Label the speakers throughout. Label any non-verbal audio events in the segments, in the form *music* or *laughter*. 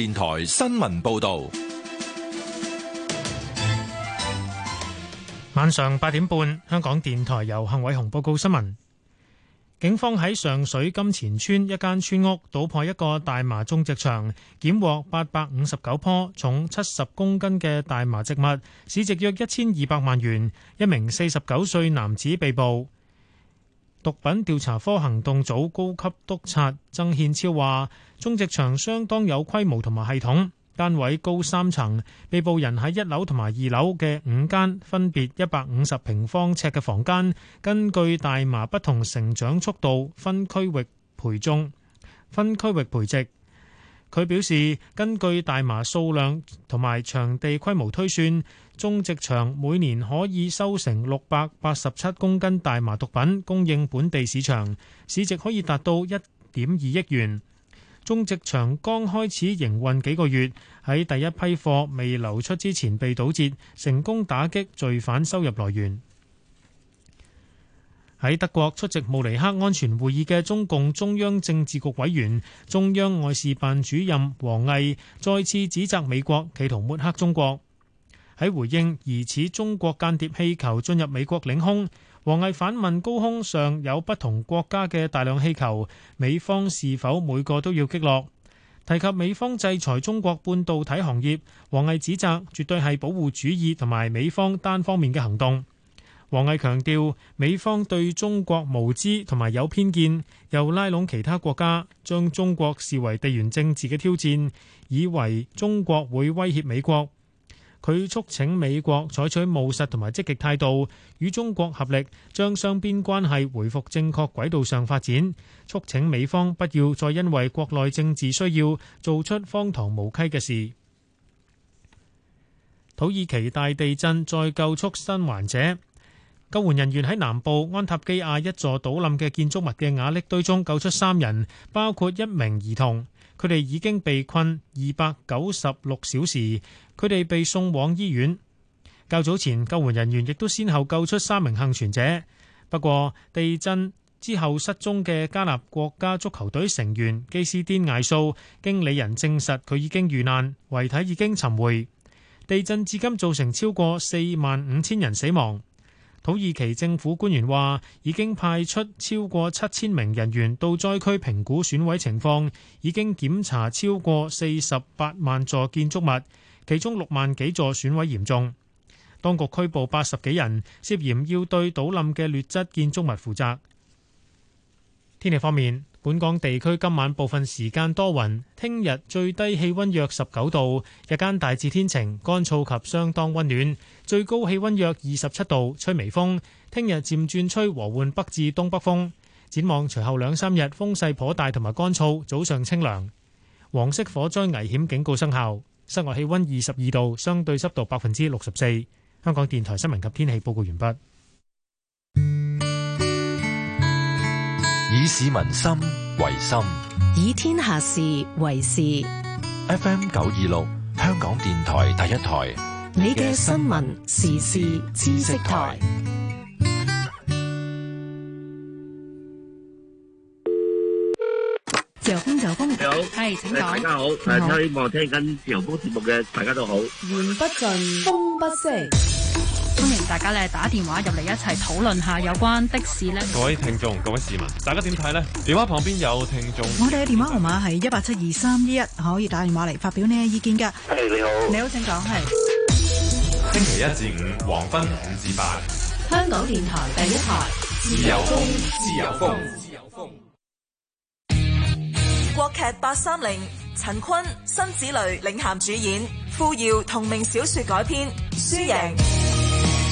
Speaker 1: 電台新聞報道：晚上八點半，香港電台由幸偉雄報告新聞。警方喺上水金錢村一間村屋搗破一個大麻種植場，檢獲八百五十九棵，重七十公斤嘅大麻植物，市值約一千二百萬元。一名四十九歲男子被捕。毒品調查科行動組高級督察曾憲超話：種植場相當有規模同埋系統，單位高三層，被捕人喺一樓同埋二樓嘅五間，分別一百五十平方尺嘅房間，根據大麻不同成長速度分區域培種，分區域培植。佢表示，根據大麻數量同埋場地規模推算，種植場每年可以收成六百八十七公斤大麻毒品，供應本地市場，市值可以達到一點二億元。種植場剛開始營運幾個月，喺第一批貨未流出之前被堵截，成功打擊罪犯收入來源。喺德國出席慕尼黑安全會議嘅中共中央政治局委員、中央外事辦主任王毅再次指責美國企圖抹黑中國。喺回應疑似中國間諜氣球進入美國領空，王毅反問高空上有不同國家嘅大量氣球，美方是否每個都要擊落？提及美方制裁中國半導體行業，王毅指責絕對係保護主義同埋美方單方面嘅行動。王毅強調，美方對中國無知同埋有偏見，又拉攏其他國家將中國視為地緣政治嘅挑戰，以為中國會威脅美國。佢促請美國採取務實同埋積極態度，與中國合力將雙邊關係回復正確軌道上發展。促請美方不要再因為國內政治需要做出荒唐無稽嘅事。土耳其大地震再救出生還者。救援人員喺南部安塔基亞一座倒冧嘅建築物嘅瓦礫堆中救出三人，包括一名兒童。佢哋已經被困二百九十六小時。佢哋被送往醫院。較早前，救援人員亦都先後救出三名幸存者。不過，地震之後失蹤嘅加納國家足球隊成員基斯甸艾素經理人證實，佢已經遇難，遺體已經尋回。地震至今造成超過四萬五千人死亡。土耳其政府官員話，已經派出超過七千名人員到災區評估損毀情況，已經檢查超過四十八萬座建築物，其中六萬幾座損毀嚴重。當局拘捕八十幾人，涉嫌要對倒冧嘅劣質建築物負責。天氣方面。本港地區今晚部分時間多雲，聽日最低氣溫約十九度，日間大致天晴，乾燥及相當溫暖，最高氣溫約二十七度，吹微風。聽日漸轉吹和緩北至東北風。展望隨後兩三日風勢頗大同埋乾燥，早上清涼。黃色火災危險警告生效。室外氣溫二十二度，相對濕度百分之六十四。香港電台新聞及天氣報告完畢。以市民心
Speaker 2: 為心，
Speaker 3: 以天下事為事。
Speaker 2: FM 九二六，香港電
Speaker 1: 台第一台，
Speaker 3: 你嘅新聞時事知識台。自由風，自由風。你好，係，
Speaker 2: 請講。大家好，都
Speaker 1: 係希望聽緊自由風節目嘅，大家都好。言
Speaker 3: 不盡，風不息。歡迎大家咧打電話入嚟一齊討論下有關的士咧。各
Speaker 1: 位聽眾、各位市民，大家點睇呢？電話旁邊有聽眾。 *laughs* 我
Speaker 4: 哋嘅電話號碼係一八七二三一一，可以打電話嚟發表你嘅意見噶。你
Speaker 1: 好。
Speaker 3: 你好，請講。係
Speaker 1: 星期一至五黃昏五至八。
Speaker 4: 香港電台第一台。自，
Speaker 1: 自由風，自由風，
Speaker 2: 自由風。
Speaker 4: 國劇八三零，陳坤、辛芷蕾領銜主演，傅瑤同名小說改編，輸贏。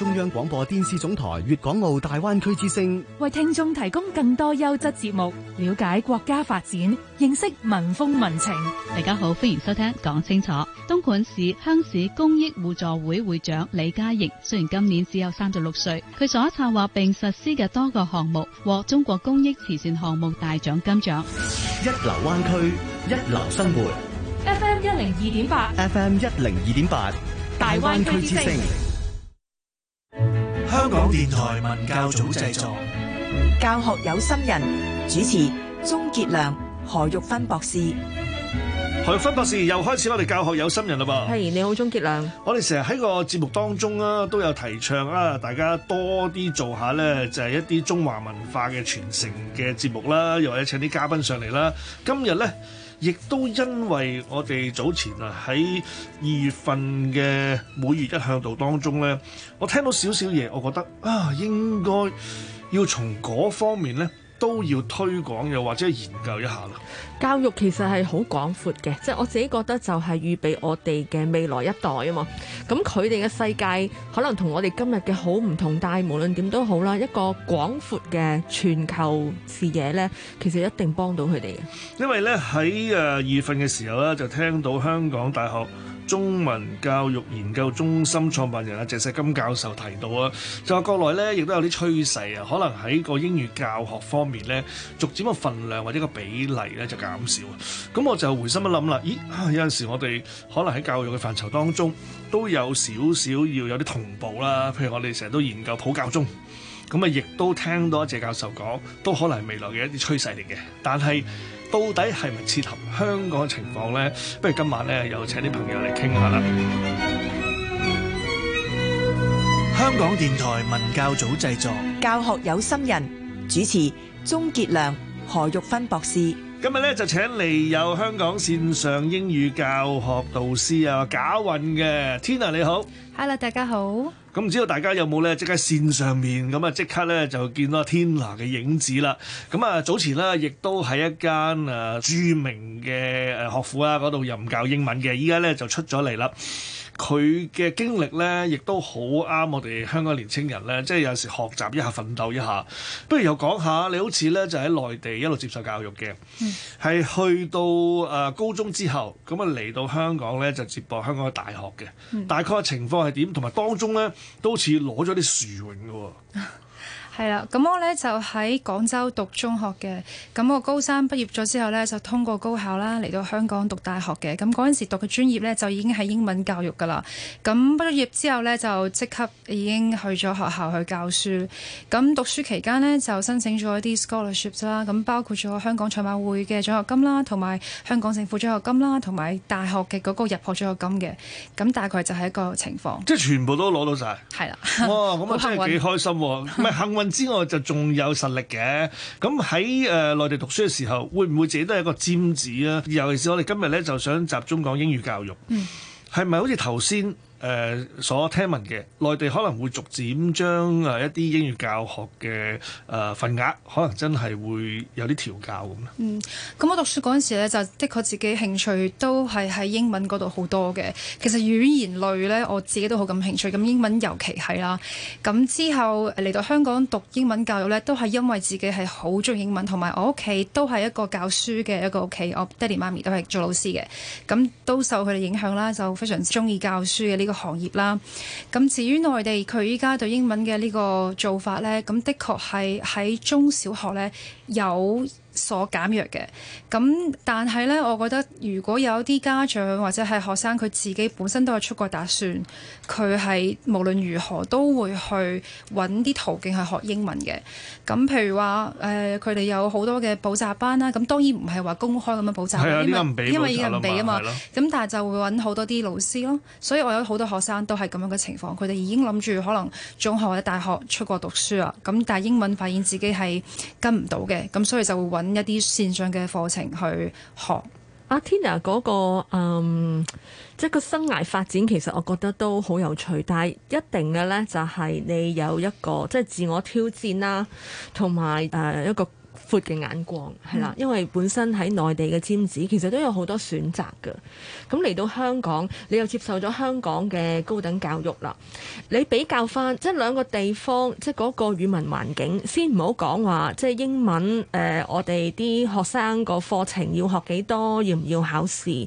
Speaker 1: 中央廣播電視總台粵港澳大灣區之聲
Speaker 4: 為聽眾提供更多優質節目，了解國家發展，認識民風民情。大家好，歡迎收聽《講清楚》。東莞市香市公益互助會會長李嘉瑩，雖然今年只有三十六歲，佢所策劃並實施嘅多個項目獲中國公益慈善項目大獎金獎。
Speaker 1: 一流灣區，一流生活。
Speaker 3: FM 一零二點八
Speaker 1: ，FM 一零二點八， *noise* 大灣區之聲。香港電台文教組
Speaker 2: 製作，
Speaker 4: 教學有心人主持鍾杰良、何玉芬博士。
Speaker 2: 何玉芬博士又開始我哋教學有心人嘞噃。係
Speaker 4: 你好，鍾杰良。
Speaker 2: 我哋成日喺個節目當中啊，都有提倡啦，大家多啲做下咧，就係一啲中華文化嘅傳承嘅節目啦，又或者請啲嘉賓上嚟啦。今日咧。亦都因為我哋早前啊喺二月份嘅每月一向度當中呢，我聽到少少嘢，我覺得啊應該要從嗰方面呢。都要推廣又或者研究一下啦。教
Speaker 4: 育其實係好廣闊嘅，即係、嗯、我自己覺得就係預備我哋嘅未來一代啊嘛。咁佢哋嘅世界可能同我哋今日嘅好唔同，但係無論點都好啦，一個廣闊嘅全球視野呢，其實一定幫到佢哋嘅。
Speaker 2: 因為呢，喺誒二月份嘅時候咧，就聽到香港大學中文教育研究中心創辦人啊謝世金教授提到啊，就話國內咧亦都有啲趨勢啊，可能喺個英語教學方面咧，逐漸個份量或者個比例咧就減少。咁我就回心一諗啦，咦？有陣時我哋可能喺教育嘅範疇當中，都有少少要有啲同步啦。譬如我哋成日都研究普教中，咁啊亦都聽到謝教授講，都可能係未來嘅一啲趨勢嚟嘅。但係，到底係咪切合香港情況咧？不如今晚咧，又請啲朋友嚟傾下啦。香港電台文教組製作，教學有心
Speaker 4: 人主持，鍾傑良、何玉芬博士。
Speaker 2: 今日咧就請嚟有香港線上英語教學導師啊，賈韻嘅 Tina，你好。
Speaker 3: Hello，大家好。
Speaker 2: 咁唔知道大家有冇呢？即刻線上面咁啊，即刻呢就見到天拿嘅影子啦！咁啊，早前呢亦都喺一間誒著名嘅誒學府啦，嗰度任教英文嘅，依家呢就出咗嚟啦。佢嘅經歷呢，亦都好啱我哋香港年青人呢，即係有時學習一下、奮鬥一下。不如又講下，你好似呢就喺內地一路接受教育嘅，係、嗯、去到誒高中之後，咁啊嚟到香港呢，就接駁香港嘅大學嘅，嗯、大概情況係點？同埋當中呢，都似攞咗啲殊榮嘅喎。 *laughs*
Speaker 3: 係啦，咁、嗯、我咧就喺廣州讀中學嘅，咁、嗯、我高三畢業咗之後呢，就通過高考啦，嚟到香港讀大學嘅。咁嗰陣時讀嘅專業呢，就已經係英文教育噶啦。咁畢咗業之後呢，就即刻已經去咗學校去教書。咁讀書期間呢，就申請咗啲 scholarships 啦，咁包括咗香港賽馬會嘅獎學金啦，同埋香港政府獎學金啦，同埋大學嘅嗰個入學獎學金嘅。咁大概就係一個情況，
Speaker 2: 即係全部都攞到晒。
Speaker 3: 係是啦、哦，哇 *laughs* 運！咁
Speaker 2: 啊真係幾開心、啊，咩 *laughs* 之外就仲有實力嘅，咁喺誒內地讀書嘅時候，會唔會自己都係一個尖子啊？尤其是我哋今日咧，就想集中講英語教育，嗯、係咪、好似頭先？誒所聽聞嘅內地可能會逐漸將誒一啲英語教學嘅誒份額，可能真係會有啲調教咁咯。嗯，
Speaker 3: 咁我讀書嗰陣時咧，就的確自己興趣都係喺英文嗰度好多嘅。其實語言類呢，我自己都好感興趣。咁英文尤其係啦。咁之後嚟到香港讀英文教育呢，都係因為自己係好中意英文，同埋我屋企都係一個教書嘅一個屋企。我爹哋媽咪都係做老師嘅，咁都受佢哋影響啦，就非常中意教書嘅呢。嘅行業啦，咁至於內地佢依家對英文嘅呢個做法咧，咁的確係喺中小學咧有。所減弱嘅，咁但係呢，我覺得如果有啲家長或者係學生佢自己本身都有出國打算，佢係無論如何都會去揾啲途徑去學英文嘅。咁譬如話，誒佢哋有好多嘅補習班啦，咁當然唔係話公開咁樣補習啦，因為因為依家唔俾啊嘛，咁但係就會揾好多啲老師咯。所以我有好多學生都係咁樣嘅情況，佢哋已經諗住可能中學或者大學出國讀書啊，咁但係英文發現自己係跟唔到嘅，咁所以就會揾。一啲線上嘅課程去學
Speaker 4: 阿 Tina 嗰、那個嗯，um, 即係個生涯發展其實我覺得都好有趣，但係一定嘅咧就係你有一個即係自我挑戰啦、啊，同埋誒一個。闊嘅眼光係啦，因為本身喺內地嘅尖子其實都有好多選擇㗎。咁嚟到香港，你又接受咗香港嘅高等教育啦。你比較返即兩個地方，即嗰個語文環境，先唔好講話即英文。誒、呃，我哋啲學生個課程要學幾多，要唔要考試？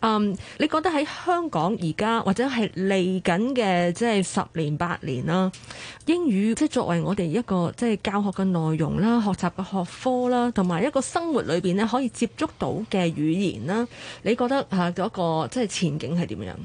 Speaker 4: 嗯，你覺得喺香港而家或者係嚟緊嘅即係十年八年啦，英語即作為我哋一個即係教學嘅內容啦，學習嘅學科啦，同埋一個生活裏邊咧可以接觸到嘅語言啦，你覺得吓嗰個即係前景係點樣？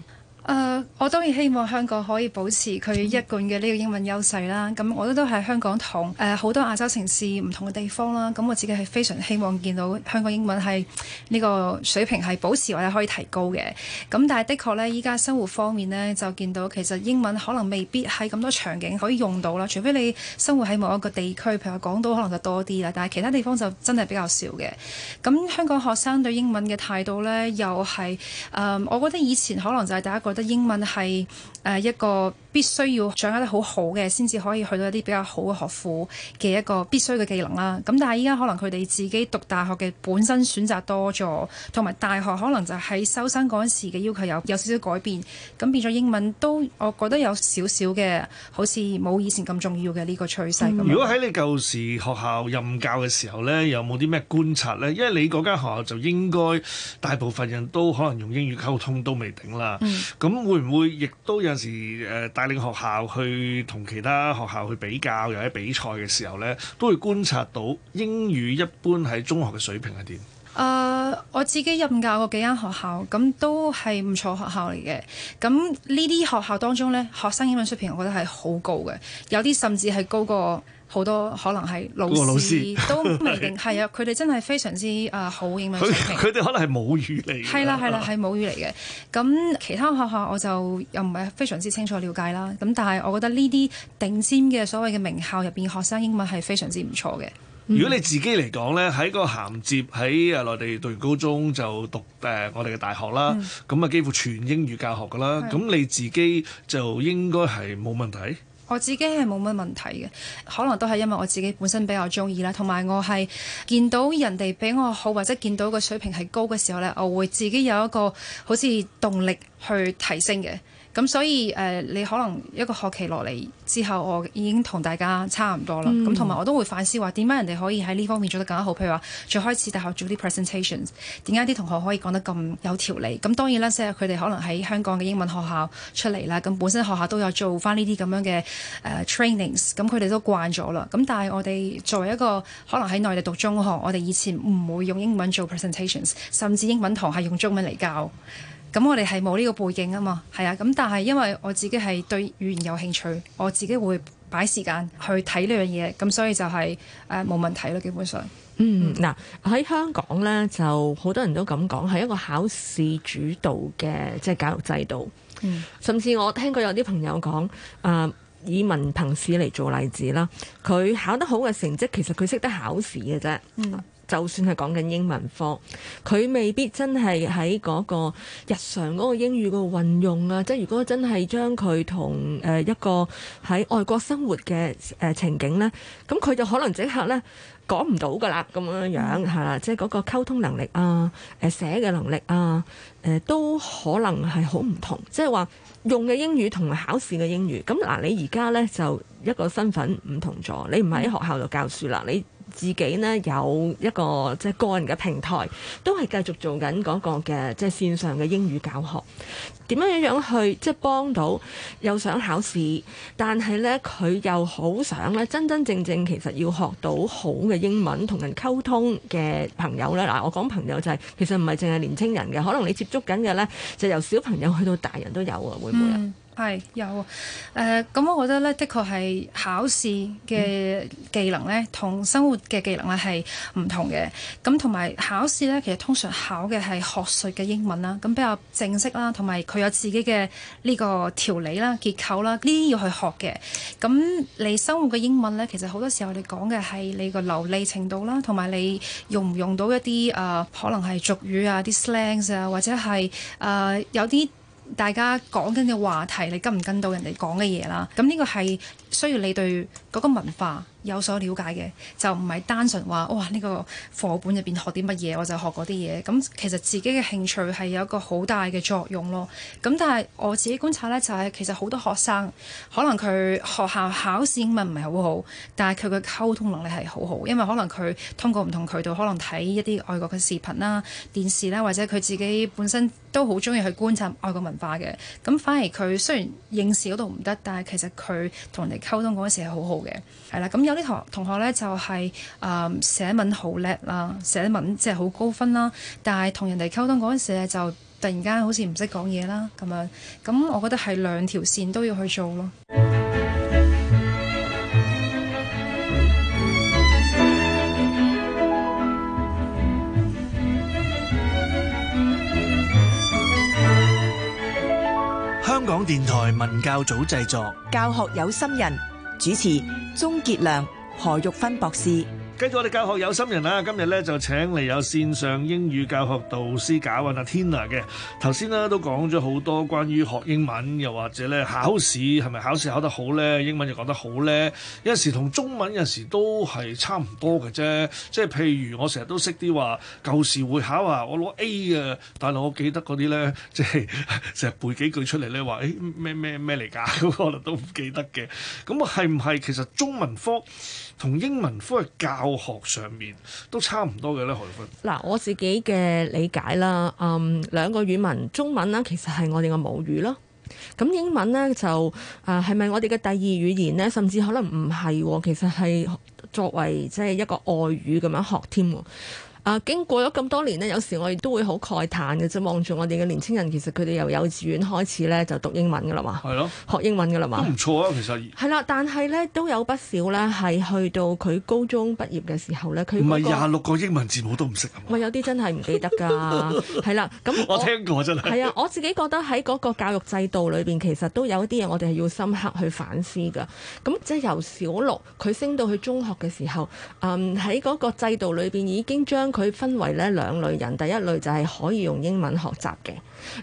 Speaker 3: 誒，uh, 我當然希望香港可以保持佢一貫嘅呢個英文優勢啦。咁、嗯、我覺得都係香港同誒好多亞洲城市唔同嘅地方啦。咁我自己係非常希望見到香港英文係呢個水平係保持或者可以提高嘅。咁但係的確呢，依家生活方面呢，就見到其實英文可能未必喺咁多場景可以用到啦。除非你生活喺某一個地區，譬如話港島可能就多啲啦，但係其他地方就真係比較少嘅。咁香港學生對英文嘅態度呢，又係誒、呃，我覺得以前可能就係第一個。英文係誒一個必須要掌握得好好嘅，先至可以去到一啲比較好嘅學府嘅一個必須嘅技能啦。咁但係依家可能佢哋自己讀大學嘅本身選擇多咗，同埋大學可能就喺收生嗰陣時嘅要求有有少少改變，咁變咗英文都，我覺得有少少嘅，好似冇以前咁重要嘅呢個趨勢。嗯、如果
Speaker 2: 喺你舊時學校任教嘅時候呢，有冇啲咩觀察呢？因為你嗰間學校就應該大部分人都可能用英語溝通都未定啦。嗯咁會唔會亦都有陣時誒帶領學校去同其他學校去比較，又喺比賽嘅時候咧，都會觀察到英語一般喺中學嘅水平係點？
Speaker 3: 誒、uh, 我自己任教過幾間學校，咁都係唔錯學校嚟嘅。咁呢啲學校當中呢，學生英文水平我覺得係好高嘅，有啲甚至係高過好多可能係老師，老師都未定。係 *laughs* 是啊，佢哋真係非常之誒好英文水平。佢
Speaker 2: 哋 *laughs* 可能係母語嚟。係啦係啦，係母
Speaker 3: 語嚟嘅。咁其他學校我就又唔係非常之清楚了解啦。咁但係我覺得呢啲頂尖嘅所謂嘅名校入邊，學生英文係非常之唔錯嘅。
Speaker 2: 如果你自己嚟講呢，喺個銜接喺誒內地讀完高中就讀誒、呃、我哋嘅大學啦，咁啊、嗯、幾乎全英語教學㗎啦，咁是的 你自己就應該係冇問題。
Speaker 3: 我自己係冇乜問題嘅，可能都係因為我自己本身比較中意啦，同埋我係見到人哋比我好或者見到個水平係高嘅時候呢，我會自己有一個好似動力去提升嘅。咁所以誒、呃，你可能一個學期落嚟之後，我已經同大家差唔多啦。咁同埋我都會反思話，點解人哋可以喺呢方面做得更加好？譬如話，最開始大學做啲 presentation，點解啲同學可以講得咁有條理？咁當然啦，即係佢哋可能喺香港嘅英文學校出嚟啦。咁本身學校都有做返呢啲咁樣嘅誒 trainings，咁佢哋都慣咗啦。咁但係我哋作為一個可能喺內地讀中學，我哋以前唔會用英文做 presentations 甚至英文堂係用中文嚟教。咁我哋係冇呢個背景啊嘛，係啊，咁但係因為我自己係對語言有興趣，我自己會擺時間去睇呢樣嘢，咁所以就係誒冇問題咯，基本上。
Speaker 4: 嗯，嗱喺香港呢就好多人都咁講，係一個考試主導嘅即係教育制度。
Speaker 3: 嗯。甚至我
Speaker 4: 聽過有啲朋友講，誒、呃、以文憑試嚟做例子啦，佢考得好嘅成績，其實佢識得考試嘅啫。嗯。就算係講緊英文科，佢未必真係喺嗰個日常嗰個英語個運用啊！即係如果真係將佢同誒一個喺外國生活嘅誒情景呢，咁佢就可能即刻呢講唔到噶啦，咁樣樣係啦，即係嗰個溝通能力啊、誒、呃、寫嘅能力啊、誒、呃、都可能係好唔同，即係話用嘅英語同考試嘅英語。咁嗱，你而家呢就一個身份唔同咗，你唔喺學校度教書啦，你。自己呢，有一個即係個人嘅平台，都係繼續做緊嗰個嘅即係線上嘅英語教學。點樣樣去即係幫到又想考試，但係呢，佢又好想咧真真正正其實要學到好嘅英文同人溝通嘅朋友呢。嗱，我講朋友就係、是、其實唔係淨係年青人嘅，可能你接觸緊嘅呢，就由小朋友去到大人都有啊，會唔
Speaker 3: 會啊？嗯係有誒，咁、呃、我覺得咧，的確係考試嘅技能咧，同生活嘅技能咧係唔同嘅。咁同埋考試咧，其實通常考嘅係學術嘅英文啦，咁比較正式啦，同埋佢有自己嘅呢個條理啦、結構啦，呢啲要去學嘅。咁你生活嘅英文咧，其實好多時候你講嘅係你個流利程度啦，同埋你用唔用到一啲誒、呃，可能係俗語啊、啲 slangs 啊，或者係誒、呃、有啲大家講緊嘅話題，你跟唔跟到人哋講嘅嘢啦？咁呢個係需要你對嗰個文化有所了解嘅，就唔係單純話哇，呢個課本入邊學啲乜嘢，我就學嗰啲嘢。咁其實自己嘅興趣係有一個好大嘅作用咯。咁但係我自己觀察咧，就係其實好多學生可能佢學校考試英文唔係好好，但係佢嘅溝通能力係好好，因為可能佢通過唔同渠道可能睇一啲外國嘅視頻啦、電視啦，或者佢自己本身都好中意去觀察外國文化嘅。咁反而佢雖然應試嗰度唔得，但係其實佢同人哋溝通嗰陣時係好好嘅。係啦，咁有啲同同學咧就係誒寫文好叻啦，寫文即係好高分啦，但係同人哋溝通嗰陣時咧就突然間好似唔識講嘢啦咁樣，咁我覺得係兩條線都要去做咯。
Speaker 2: 香港電台文教組製作，
Speaker 4: 教學有心人。主持：鍾杰良、何玉芬博士。
Speaker 2: 跟住我哋教學有心人啦，今日咧就請嚟有線上英語教學導師賈韻啊，Tina 嘅頭先咧都講咗好多關於學英文，又或者咧考試係咪考試考得好咧，英文又講得好咧，有時同中文有時都係差唔多嘅啫，即係譬如我成日都識啲話舊時會考啊，我攞 A 啊，但係我記得嗰啲咧，即係成日背幾句出嚟咧話，誒咩咩咩嚟㗎，可能 *laughs* 都唔記得嘅，咁啊係唔係其實中文科？同英文科嘅教學上面都差唔多嘅咧，何玉芬。
Speaker 4: 嗱，我自己嘅理解啦，嗯，兩個語文，中文啦，其實係我哋嘅母語咯。咁英文咧就啊，呃、係咪我哋嘅第二語言咧？甚至可能唔係、哦，其實係作為即係一個外語咁樣學添。啊，經過咗咁多年呢，有時我哋都會好慨嘆嘅啫。望住我哋嘅年青人，其實佢哋由幼稚園開始咧就讀英文噶啦嘛，
Speaker 2: 的學英文噶啦嘛，都唔錯啊。其實
Speaker 4: 係啦，但係咧都有不少咧係去到佢高中畢業嘅時候咧，佢唔係廿
Speaker 2: 六個英文字母都唔識啊。
Speaker 4: 咪有啲真係唔記得㗎，係啦。 *laughs* 咁我，我聽
Speaker 2: 過真係係啊！
Speaker 4: 我自己覺得喺嗰個教育制度裏邊，其實都有一啲嘢我哋係要深刻去反思㗎。咁即係由小六佢升到去中學嘅時候，喺、嗯、嗰個制度裏邊已經將佢分為咧兩類人，第一類就係可以用英文學習嘅。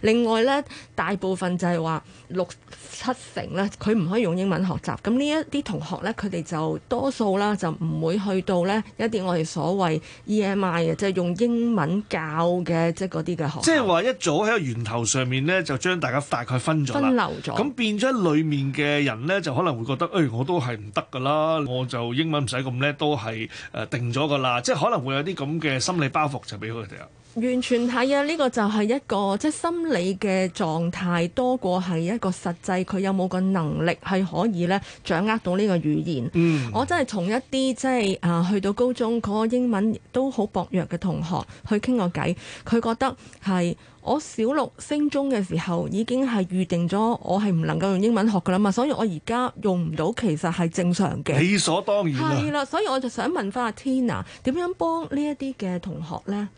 Speaker 4: 另外咧，大部分就係話六七成咧，佢唔可以用英文學習。咁呢一啲同學咧，佢哋就多數啦，就唔會去到咧一啲我哋所謂 EMI 啊，即係用英文教嘅即係嗰啲嘅學校。
Speaker 2: 即係話一早喺個源頭上面咧，就將大家大概分咗分流咗。咁變咗裡面嘅人咧，就可能會覺得，誒、哎，我都係唔得㗎啦，我就英文唔使咁叻，都係誒定咗㗎啦。即係可能會有啲咁嘅心理包袱就，就俾佢哋啊。
Speaker 4: 完全睇啊，呢、呢個就係一個即係。心理嘅狀態多過係一個實際，佢有冇個能力係可以咧掌握到呢個語言？嗯，我真係從一啲即係啊去到高中嗰個英文都好薄弱嘅同學去傾個偈，佢覺得係我小六升中嘅時候已經係預定咗我係唔能夠用英文學噶啦嘛，所以我而家用唔到，其實係正常嘅，理
Speaker 2: 所當然。係啦，
Speaker 4: 所以我就想問翻阿 Tina 點樣幫呢一啲嘅同學咧？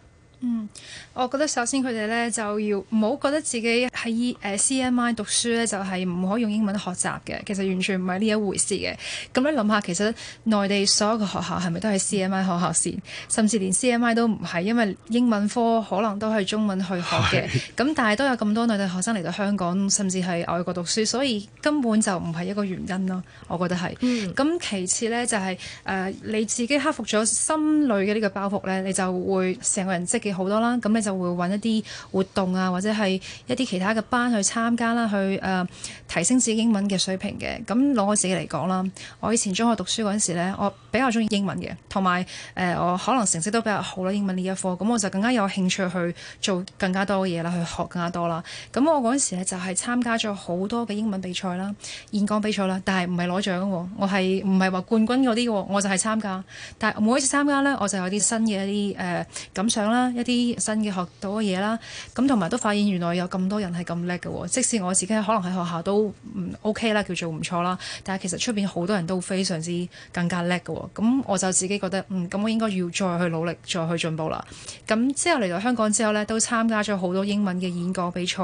Speaker 3: 嗯，我覺得首先佢哋咧就要唔好覺得自己喺誒 CMI 讀書咧就係、是、唔可以用英文學習嘅，其實完全唔係呢一回事嘅。咁你諗下，其實內地所有嘅學校係咪都係 CMI 學校先？甚至連 CMI 都唔係，因為英文科可能都係中文去學嘅。咁是但係都有咁多內地學生嚟到香港，甚至係外國讀書，所以根本就唔係一個原因咯。我覺得係。咁、嗯、其次咧就係、是、誒、呃、你自己克服咗心裏嘅呢個包袱咧，你就會成個人積極好多啦，咁你就會揾一啲活動啊，或者係一啲其他嘅班去參加啦，去誒、呃、提升自己英文嘅水平嘅。咁攞我自己嚟講啦，我以前中學讀書嗰陣時呢，我比較中意英文嘅，同埋誒我可能成績都比較好啦，英文呢一科，咁、嗯、我就更加有興趣去做更加多嘅嘢啦，去學更加多啦。咁、嗯、我嗰陣時呢就係、是、參加咗好多嘅英文比賽啦、演講比賽啦，但係唔係攞獎喎，我係唔係話冠軍嗰啲喎，我就係參加。但係每一次參加呢，我就有啲新嘅一啲誒感想啦。呃嗯嗯嗯嗯嗯一啲新嘅學到嘅嘢啦，咁同埋都發現原來有咁多人係咁叻嘅喎。即使我自己可能喺學校都唔、嗯、OK 啦，叫做唔錯啦，但係其實出邊好多人都非常之更加叻嘅喎。咁我就自己覺得，嗯，咁我應該要再去努力，再去進步啦。咁之後嚟到香港之後呢，都參加咗好多英文嘅演講比賽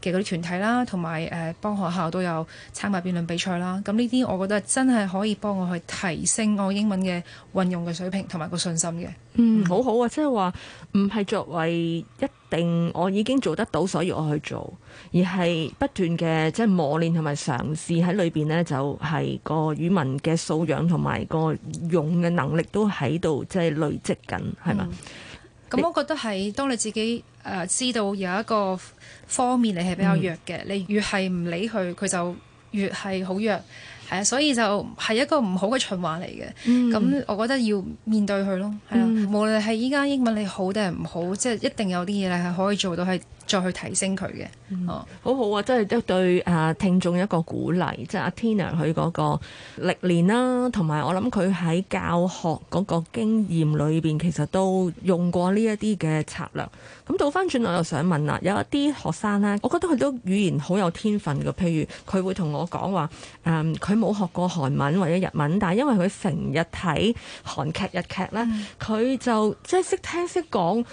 Speaker 3: 嘅嗰啲團體啦，同埋誒幫學校都有參加辯論比賽啦。咁呢啲我覺得真係可以幫我去提升我英文嘅運用嘅水平同埋個信心嘅。嗯，好好啊，即係話係作為一
Speaker 4: 定我已經做得到，所以我去做，而係不斷嘅，即係磨練同埋嘗試喺裏邊呢就係、是、個語文嘅素養同埋個用嘅能力都喺度即係累積緊，係嘛？
Speaker 3: 咁我覺得係當你自己誒、呃、知道有一個方面你係比較弱嘅，你越係唔理佢，佢就越係好弱。係啊，所以就係一個唔好嘅循環嚟嘅。咁、嗯、我覺得要面對佢咯，係啦、嗯。無論係依家英文你好定係唔好，即、就、係、是、一定有啲嘢係可以做到係。再去提升佢
Speaker 4: 嘅，嗯、哦，好好啊，即係都對啊聽眾一個鼓勵，即係阿 Tina 佢嗰個歷練啦、啊，同埋我諗佢喺教學嗰個經驗裏邊，其實都用過呢一啲嘅策略。咁倒翻轉，嗯、我又想問啦，有一啲學生咧，我覺得佢都語言好有天分嘅，譬如佢會同我講話，誒、嗯，佢冇學過韓文或者日文，但係因為佢成日睇韓劇、日劇咧，佢、嗯、就即係識聽識講。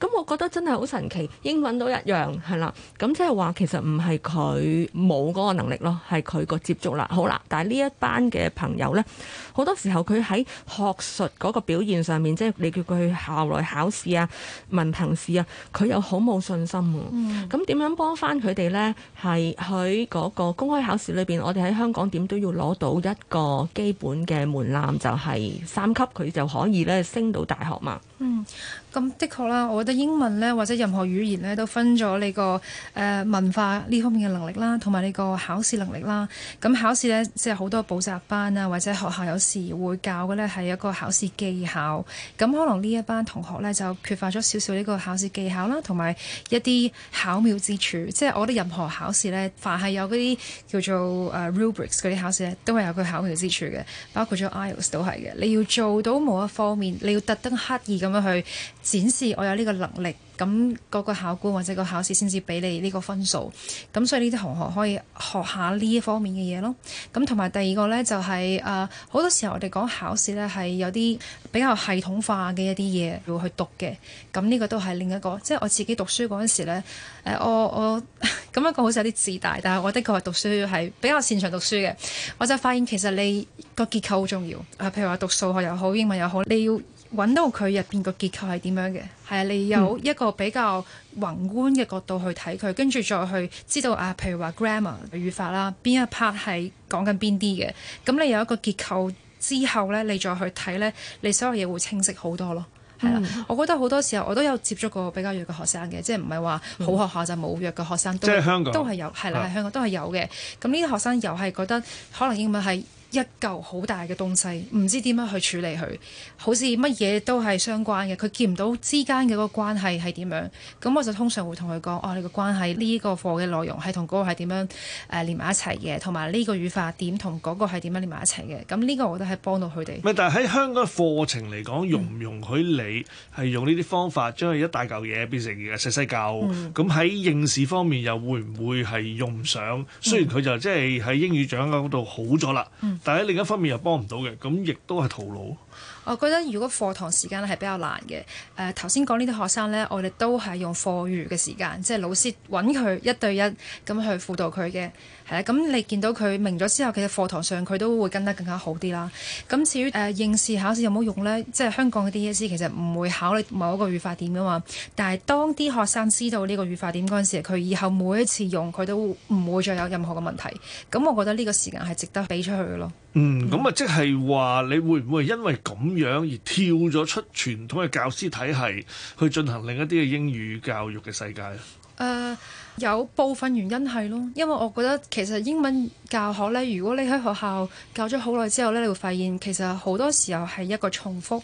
Speaker 4: 咁我覺得真係好神奇，英文都一樣係啦。咁即係話其實唔係佢冇嗰個能力咯，係佢個接觸啦，好啦。但係呢一班嘅朋友呢，好多時候佢喺學術嗰個表現上面，即係你叫佢去校內考試啊、文憑試啊，佢又好冇信心嘅、啊。咁點、嗯、樣幫翻佢哋呢？係喺嗰個公開考試裏邊，我哋喺香港點都要攞到一個基本嘅門檻，就係、係、三級，佢就可以咧升到大學嘛。嗯。
Speaker 3: 咁的確啦，我覺得英文咧或者任何語言咧都分咗你個誒、呃、文化呢方面嘅能力啦，同埋你個考試能力啦。咁考試咧即係好多補習班啊或者學校有時會教嘅咧係一個考試技巧。咁可能呢一班同學咧就缺乏咗少少呢個考試技巧啦，同埋一啲巧妙之處。即係我覺得任何考試咧，凡係有嗰啲叫做誒、呃、rubrics 嗰啲考試咧，都係有佢巧妙之處嘅，包括咗 IELTS 都係嘅。你要做到某一方面，你要特登刻意咁樣去。展示我有呢個能力。咁嗰個考官或者個考試先至俾你呢個分數，咁所以呢啲同學可以學下呢一方面嘅嘢咯。咁同埋第二個呢，就係誒好多時候我哋講考試呢，係有啲比較系統化嘅一啲嘢要去讀嘅，咁呢個都係另一個。即係我自己讀書嗰陣時咧、呃，我我咁一個好似有啲自大，但係我的確係讀書係比較擅長讀書嘅。我就發現其實你個結構好重要，誒譬如話讀數學又好，英文又好，你要揾到佢入邊個結構係點樣嘅，係啊，你有一個、嗯。比較宏觀嘅角度去睇佢，跟住再去知道啊，譬如話 grammar 語法啦，邊一 part 係講緊邊啲嘅，咁你有一個結構之後咧，你再去睇咧，你所有嘢會清晰好多咯，係啦。嗯、我覺得好多時候我都有接觸過比較弱嘅學生嘅，即係唔係話好學校就冇弱嘅學生，學學學生嗯、都係香港都係有，係啦，喺香港都係有嘅。咁呢啲學生又係覺得可能英文係一嚿好大嘅東西，唔知點樣去處理佢，好似乜嘢都係相關嘅，佢見唔到之間嘅嗰個關係係點樣。咁我就通常會同佢講：哦，你個關係呢、呢個課嘅內容係同嗰個係點樣誒、呃、連埋一齊嘅，同埋呢個語法點同嗰個係點樣連埋一齊嘅。咁呢個我覺得係幫到佢哋。
Speaker 2: 但係喺香港課程嚟講，容唔容許你係、嗯、用呢啲方法將一大嚿嘢變成細細嚿？咁喺應試方面又會唔會係用唔上？嗯、雖然佢就即係喺英語獎嗰度好咗啦。嗯但喺另一方面又幫唔到嘅，咁亦都係徒勞。
Speaker 3: 我覺得如果課堂時間咧係比較難嘅，誒頭先講呢啲學生呢，我哋都係用課餘嘅時間，即係老師揾佢一對一咁去輔導佢嘅。係咁你見到佢明咗之後，其實課堂上佢都會跟得更加好啲啦。咁至於誒、呃、應試考試有冇用呢？即係香港嘅 DSE 其實唔會考你某一個語法點噶嘛。但係當啲學生知道呢個語法點嗰陣時，佢以後每一次用佢都唔會再有任何嘅問題。咁我覺得呢個時間係值得俾出去咯。嗯，
Speaker 2: 咁啊，即係話你會唔會因為咁樣而跳咗出傳統嘅教師體系，去進行另一啲嘅英語教育嘅世界啊？
Speaker 3: 誒、呃。有部分原因係咯，因為我覺得其實英文教學咧，如果你喺學校教咗好耐之後咧，你會發現其實好多時候係一個重複。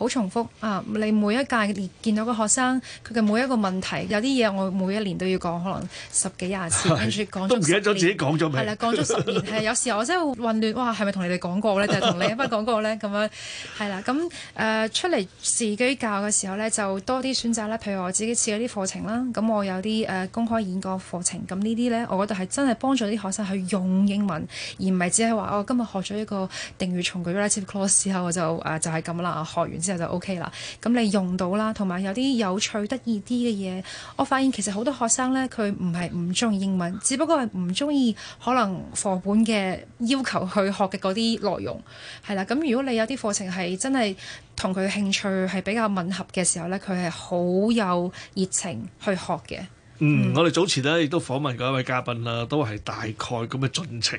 Speaker 3: 好重複啊！你每一屆見到個學生，佢嘅每一個問題，有啲嘢我每一年都要講，可能十幾廿次，跟住講咗十年，都唔記得咗自己講咗未？係啦，講咗十年，係 *laughs* 有時候我真係混亂，哇！係咪同你哋講過咧？定係同你一班講過咧？咁樣係啦，咁誒、啊、出嚟自己教嘅時候咧，就多啲選擇啦。譬如我自己設嗰啲課程啦，咁我有啲誒公開演講課程，咁呢啲咧，我覺得係真係幫助啲學生去用英文，而唔係只係話我今日學咗一個定語從句 relative clause 之後，我就誒就係咁啦，學完。就 OK 啦，咁你用到啦，同埋有啲有趣得意啲嘅嘢，我發現其實好多學生咧，佢唔係唔中意英文，只不過係唔中意可能課本嘅要求去學嘅嗰啲內容，係 *noise* 啦樂。咁如果你有啲課程係真係同佢興趣係比較吻合嘅時候咧，佢係好有熱情去學嘅。 *music* *music* *music*
Speaker 2: 嗯，我哋早前咧亦都訪問過一位嘉賓啦，都係大概咁嘅進程，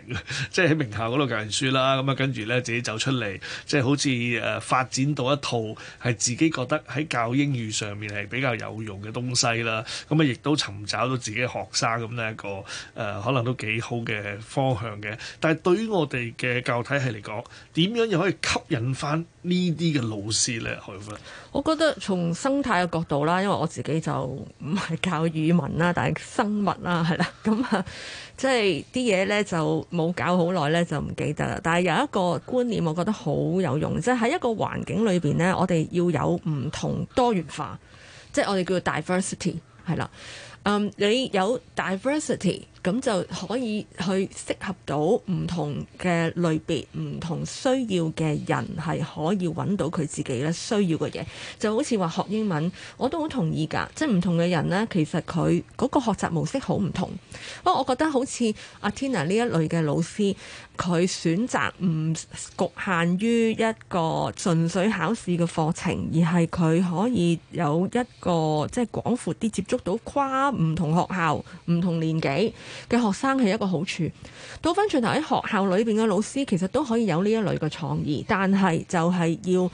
Speaker 2: 即係喺名校嗰度教人書啦，咁啊跟住咧自己走出嚟，即係好似誒發展到一套係自己覺得喺教英語上面係比較有用嘅東西啦。咁啊，亦都尋找到自己學生咁咧一個誒、呃、可能都幾好嘅方向嘅。但係對於我哋嘅教育體系嚟講點樣又可以吸引翻呢啲嘅老師咧？何潤芬，
Speaker 4: 我覺得從生態嘅角度啦，因為我自己就唔係教語文。啦、嗯，但係生物啦，係啦，咁啊，即係啲嘢咧就冇搞好耐咧就唔記得啦。但係有一個觀念，我覺得好有用，即係喺一個環境裏邊咧，我哋要有唔同多元化，即係我哋叫做 diversity，係啦，嗯，你有 diversity。咁就可以去適合到唔同嘅類別、唔同需要嘅人，係可以揾到佢自己咧需要嘅嘢。就好似話學英文，我都好同意㗎。即係唔同嘅人呢，其實佢嗰個學習模式好唔同。不過我覺得好似阿 Tina 呢一類嘅老師，佢選擇唔局限於一個純粹考試嘅課程，而係佢可以有一個即係廣闊啲接觸到跨唔同學校、唔同年紀嘅學生，係一個好處。倒翻轉頭，喺學校裏邊嘅老師其實都可以有呢一類嘅創意，但係就係要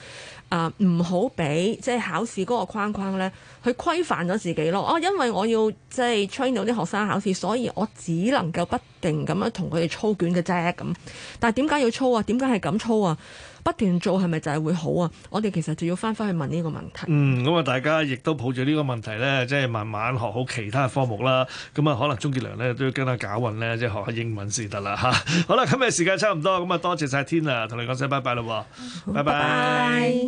Speaker 4: 啊，唔好俾即係考試嗰個框框咧去規範咗自己咯。哦，因為我要即係 train 到啲學生考試，所以我只能夠不定咁樣同佢哋操卷嘅啫咁。但係點解要操啊？點解係咁操啊？不斷做係咪就係會好啊？我哋其實就要翻翻去問呢個問題。嗯，
Speaker 2: 咁啊，大家亦都抱住呢個問題咧，即係慢慢學好其他科目啦。咁啊，可能鍾杰良咧都要跟阿賈韻咧即係學下英文先得啦吓。 *laughs* 好啦，今日時間差唔多，咁啊多謝晒天啊，同你講聲拜拜咯，
Speaker 1: 拜
Speaker 2: 拜。